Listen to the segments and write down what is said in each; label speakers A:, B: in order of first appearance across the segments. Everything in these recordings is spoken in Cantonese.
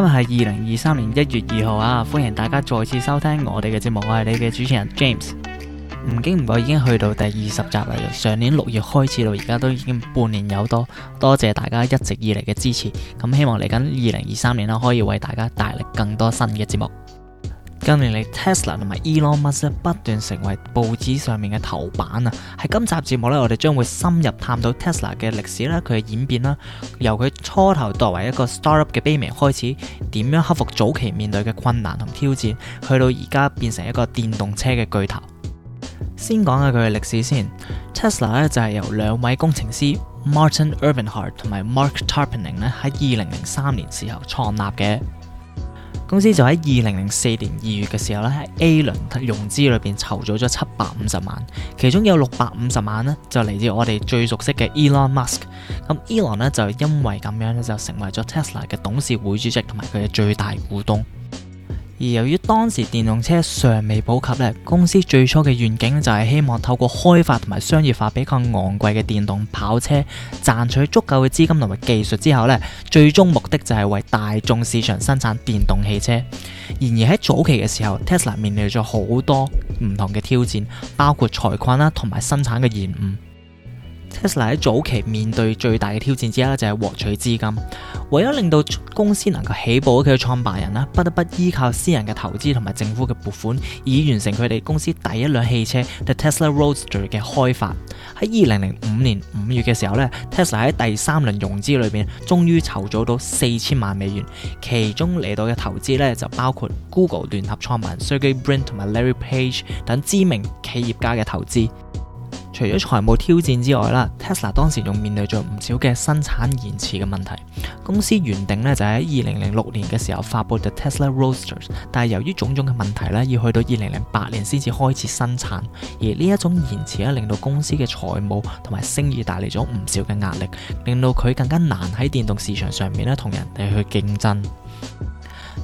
A: 今日係二零二三年一月二號啊！歡迎大家再次收聽我哋嘅節目，我係你嘅主持人 James。唔經唔覺已經去到第二十集啦，上年六月開始到而家都已經半年有多，多謝大家一直以嚟嘅支持。咁希望嚟緊二零二三年啦，可以為大家帶嚟更多新嘅節目。近年嚟，Tesla 同埋 Elon Musk 不斷成為報紙上面嘅頭版啊！喺今集節目咧，我哋將會深入探討 Tesla 嘅歷史啦、佢嘅演變啦，由佢初頭作為一個 startup 嘅卑微開始，點樣克服早期面對嘅困難同挑戰，去到而家變成一個電動車嘅巨頭。先講下佢嘅歷史先。Tesla 咧就係由兩位工程師 Martin Eberhard 同埋 Mark Tarpenning 咧喺二零零三年時候創立嘅。公司就喺二零零四年二月嘅時候咧，喺 A 輪融資裏邊籌咗咗七百五十萬，其中有六百五十萬呢就嚟自我哋最熟悉嘅 Elon Musk。咁 Elon 呢就因為咁樣咧就成為咗 Tesla 嘅董事會主席同埋佢嘅最大股東。而由於當時電動車尚未普及咧，公司最初嘅願景就係希望透過開發同埋商業化比較昂貴嘅電動跑車，賺取足夠嘅資金同埋技術之後咧，最終目的就係為大眾市場生產電動汽車。然而喺早期嘅時候，Tesla 面臨咗好多唔同嘅挑戰，包括財困啦同埋生產嘅延誤。Tesla 喺早期面對最大嘅挑戰之一就係獲取資金，唯有令到公司能夠起步，佢嘅創辦人啦不得不依靠私人嘅投資同埋政府嘅撥款，以完成佢哋公司第一輛汽車 The Tesla Roadster 嘅開發。喺二零零五年五月嘅時候咧，Tesla 喺第三輪融資裏邊終於籌咗到四千萬美元，其中嚟到嘅投資咧就包括 Google 聯合創辦人 Sergey Brin 同埋 Larry Page 等知名企業家嘅投資。除咗財務挑戰之外啦，Tesla 當時仲面對咗唔少嘅生產延遲嘅問題。公司原定咧就喺二零零六年嘅時候發布 The Tesla Roadsters，但係由於種種嘅問題咧，要去到二零零八年先至開始生產。而呢一種延遲咧，令到公司嘅財務同埋生意帶嚟咗唔少嘅壓力，令到佢更加難喺電動市場上面咧同人哋去競爭。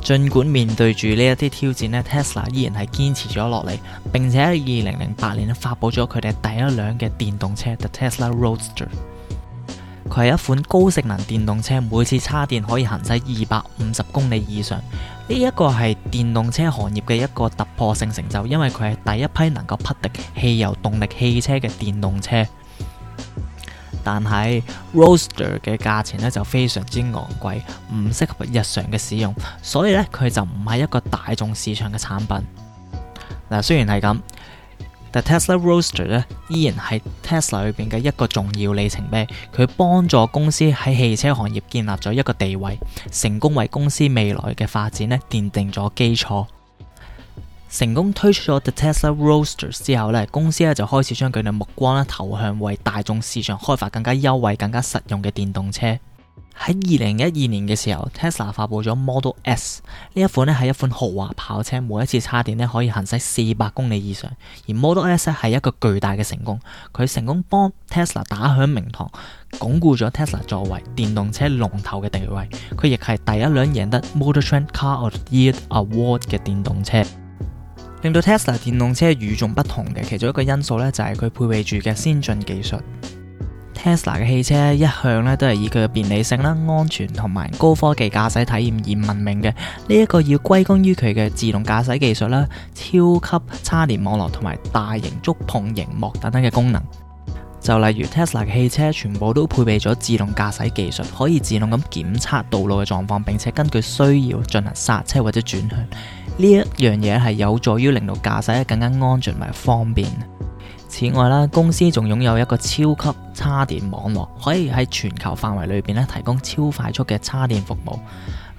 A: 儘管面對住呢一啲挑戰咧，Tesla 依然係堅持咗落嚟，並且喺二零零八年咧發佈咗佢哋第一輛嘅電動車，The Tesla Roadster。佢係一款高性能電動車，每次插電可以行駛二百五十公里以上。呢、這、一個係電動車行業嘅一個突破性成就，因為佢係第一批能夠匹敵汽油動力汽車嘅電動車。但係 Roadster 嘅價錢咧就非常之昂貴，唔適合日常嘅使用，所以咧佢就唔係一個大眾市場嘅產品。嗱、啊，雖然係咁，但 Tesla Roadster 咧依然係 Tesla 裏邊嘅一個重要里程碑，佢幫助公司喺汽車行業建立咗一個地位，成功為公司未來嘅發展咧奠定咗基礎。成功推出咗 The Tesla Roadsters 之後咧，公司咧就開始將佢哋目光咧投向為大眾市場開發更加優惠、更加實用嘅電動車。喺二零一二年嘅時候，Tesla 發布咗 Model S 呢一款咧係一款豪華跑車，每一次插電咧可以行駛四百公里以上。而 Model S 係一個巨大嘅成功，佢成功幫 Tesla 打響名堂，鞏固咗 Tesla 作為電動車龍頭嘅地位。佢亦係第一輛贏得 Motor Trend Car of the Year Award 嘅電動車。令到 Tesla 電動車與眾不同嘅其中一個因素咧，就係佢配備住嘅先進技術。Tesla 嘅汽車一向咧都係以佢嘅便利性啦、安全同埋高科技駕駛體驗而聞名嘅。呢、這、一個要歸功於佢嘅自動駕駛技術啦、超級叉電網絡同埋大型觸碰螢幕等等嘅功能。就例如 Tesla 嘅汽車全部都配備咗自動駕駛技術，可以自動咁檢測道路嘅狀況，並且根據需要進行剎車或者轉向。呢一樣嘢係有助於令到駕駛更加安全同埋方便。此外啦，公司仲擁有一個超級叉電網絡，可以喺全球範圍裏邊咧提供超快速嘅叉電服務。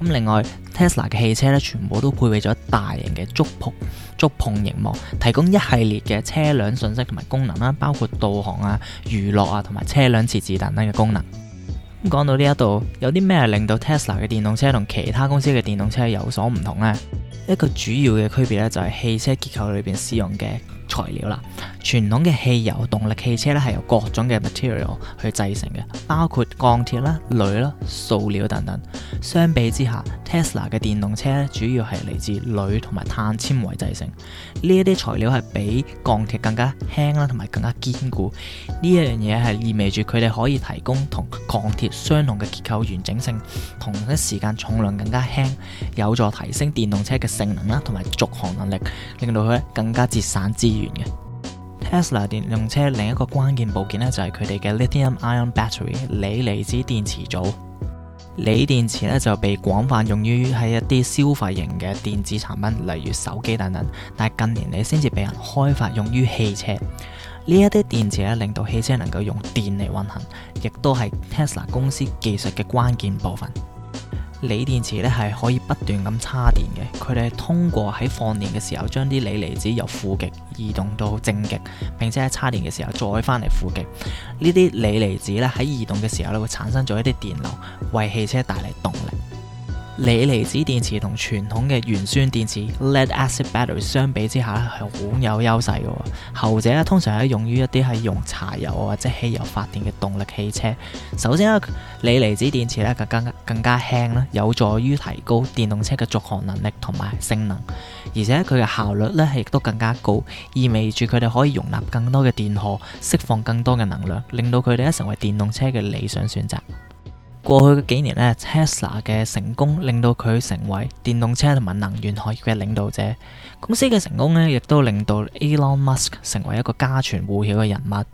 A: 咁另外，Tesla 嘅汽車咧全部都配備咗大型嘅觸碰觸碰熒幕，提供一系列嘅車輛信息同埋功能啦，包括導航啊、娛樂啊同埋車輛設置等等嘅功能。咁講到呢一度，有啲咩令到 Tesla 嘅電動車同其他公司嘅電動車有所唔同呢？一個主要嘅區別咧，就係汽車結構裏邊使用嘅材料啦。傳統嘅汽油動力汽車咧係由各種嘅 material 去製成嘅，包括鋼鐵啦、鋁啦、塑料等等。相比之下，Tesla 嘅電動車咧主要係嚟自鋁同埋碳纖維製成。呢一啲材料係比鋼鐵更加輕啦，同埋更加堅固。呢一樣嘢係意味住佢哋可以提供同鋼鐵相同嘅結構完整性，同一時間重量更加輕，有助提升電動車嘅性能啦，同埋續航能力，令到佢咧更加節省資源嘅。Tesla 電動車另一個關鍵部件咧，就係佢哋嘅 lithium-ion battery（ 鋰離子電池組）。鋰電池咧就被廣泛用於喺一啲消費型嘅電子產品，例如手機等等。但係近年嚟先至畀人開發用於汽車。呢一啲電池咧，令到汽車能夠用電嚟運行，亦都係 Tesla 公司技術嘅關鍵部分。鋰電池咧係可以不斷咁叉電嘅，佢哋係通過喺放電嘅時候，將啲鋰離子由負極移動到正極，並且喺叉電嘅時候再翻嚟負極。呢啲鋰離子咧喺移動嘅時候，咧會產生咗一啲電流，為汽車帶嚟動力。鋰離子電池同傳統嘅鉛酸電池 （lead acid battery） 相比之下係好有優勢嘅。後者咧通常係用於一啲係用柴油啊或者汽油發電嘅動力汽車。首先咧，鋰離子電池咧更更加輕啦，有助於提高電動車嘅續航能力同埋性能。而且佢嘅效率咧亦都更加高，意味住佢哋可以容納更多嘅電荷，釋放更多嘅能量，令到佢哋咧成為電動車嘅理想選擇。過去嘅幾年呢，Tesla 嘅成功令到佢成為電動車同埋能源行業嘅領導者。公司嘅成功呢，亦都令到 Elon Musk 成為一個家傳戶曉嘅人物。然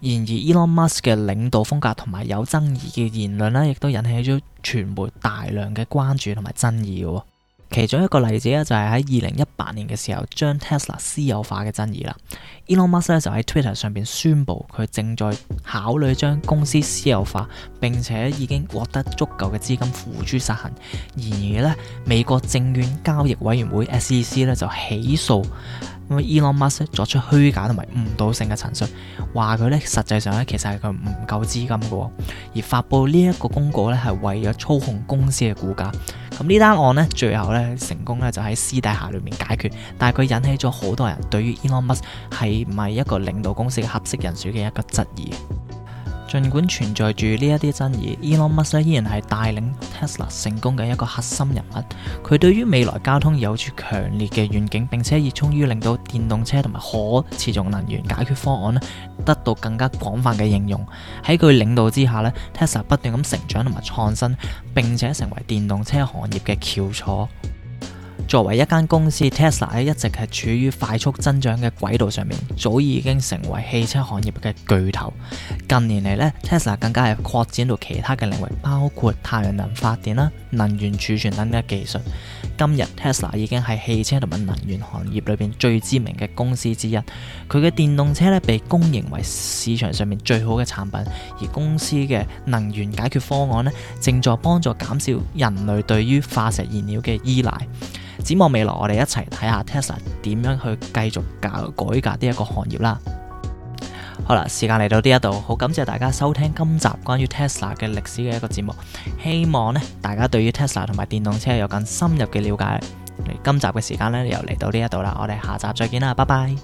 A: 而，Elon Musk 嘅領導風格同埋有爭議嘅言論呢，亦都引起咗傳媒大量嘅關注同埋爭議嘅。其中一個例子咧，就係喺二零一八年嘅時候，將 Tesla 私有化嘅爭議啦。Elon Musk 咧就喺 Twitter 上邊宣佈，佢正在考慮將公司私有化，並且已經獲得足夠嘅資金付諸實行。然而呢，美國證券交易委員會 SEC 咧就起訴 Elon Musk 作出虛假同埋誤導性嘅陳述，話佢呢實際上咧其實係佢唔夠資金嘅，而發佈呢一個公告呢，係為咗操控公司嘅股價。咁呢單案咧，最後咧成功咧就喺私底下裏面解決，但係佢引起咗好多人對於 Elon Musk 係唔係一個領導公司嘅合適人選嘅一個質疑。儘管存在住呢一啲爭議，Elon Musk 依然係帶領 Tesla 成功嘅一個核心人物。佢對於未來交通有住強烈嘅願景，並且熱衷於令到電動車同埋可持續能源解決方案咧得到更加廣泛嘅應用。喺佢領導之下咧，Tesla 不斷咁成長同埋創新，並且成為電動車行業嘅翹楚。作為一間公司，Tesla 一直係處於快速增長嘅軌道上面，早已已經成為汽車行業嘅巨頭。近年嚟咧，Tesla 更加係擴展到其他嘅領域，包括太陽能發電啦、能源儲存等嘅技術。今日 Tesla 已經係汽車同埋能源行業裏邊最知名嘅公司之一。佢嘅電動車咧被公認為市場上面最好嘅產品，而公司嘅能源解決方案咧正在幫助減少人類對於化石燃料嘅依賴。展望未來，我哋一齊睇下 Tesla 點樣去繼續改改革呢一個行業啦。好啦，時間嚟到呢一度，好感謝大家收聽今集關於 Tesla 嘅歷史嘅一個節目。希望呢大家對於 Tesla 同埋電動車有更深入嘅了解。今集嘅時間呢，又嚟到呢一度啦，我哋下集再見啦，拜拜。